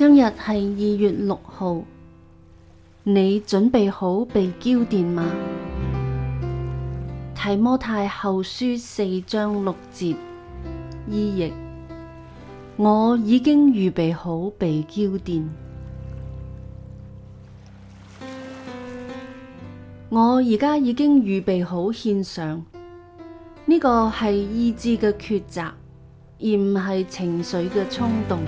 今日係二月六號，你準備好被澆奠嗎？提摩太後書四章六節，意譯：我已經預備好被澆奠，我而家已經預備好獻上。呢、這個係意志嘅抉擇，而唔係情緒嘅衝動。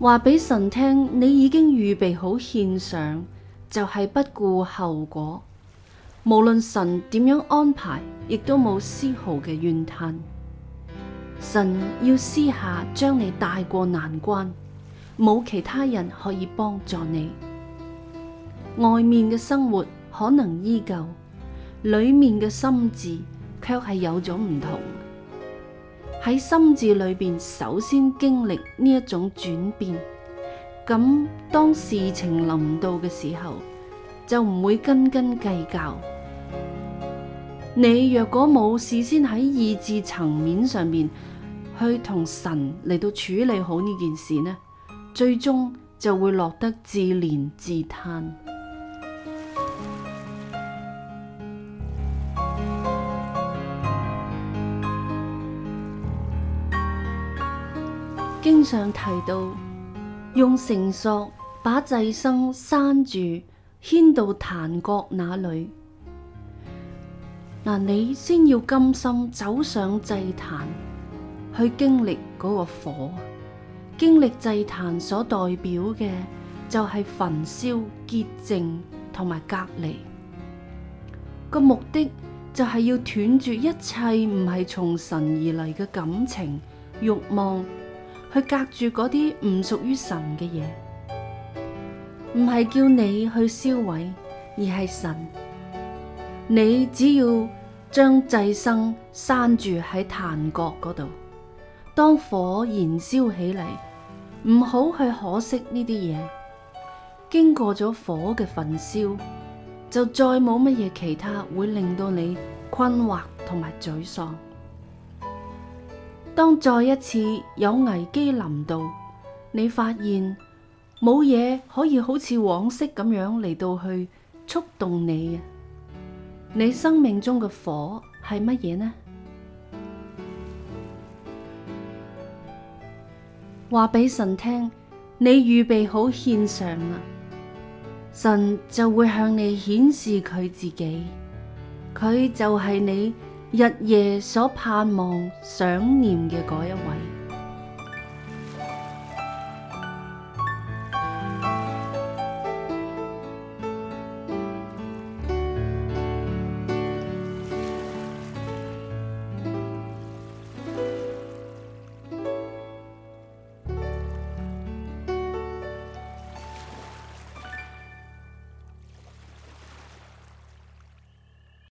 話俾神聽，你已經預備好獻上，就係、是、不顧後果，無論神點樣安排，亦都冇絲毫嘅怨嘆。神要私下將你帶過難關，冇其他人可以幫助你。外面嘅生活可能依舊，裏面嘅心智卻係有咗唔同。喺心智裏邊，首先經歷呢一種轉變，咁當事情臨到嘅時候，就唔會斤斤計較。你若果冇事先喺意志層面上面去同神嚟到處理好呢件事呢，最終就會落得自憐自嘆。經常提到用繩索把祭牲拴住，牽到壇角那裏。嗱、啊，你先要甘心走上祭壇去經歷嗰個火，經歷祭壇所代表嘅就係焚燒、潔淨同埋隔離。個目的就係要斷絕一切唔係從神而嚟嘅感情、慾望。去隔住嗰啲唔屬於神嘅嘢，唔係叫你去燒毀，而係神，你只要將祭牲閂住喺壇角嗰度，當火燃燒起嚟，唔好去可惜呢啲嘢，經過咗火嘅焚燒，就再冇乜嘢其他會令到你困惑同埋沮喪。當再一次有危機臨到，你發現冇嘢可以好似往昔咁樣嚟到去觸動你嘅，你生命中嘅火係乜嘢呢？話俾神聽，你預備好獻上啦，神就會向你顯示佢自己，佢就係你。日夜所盼望、想念嘅嗰一位。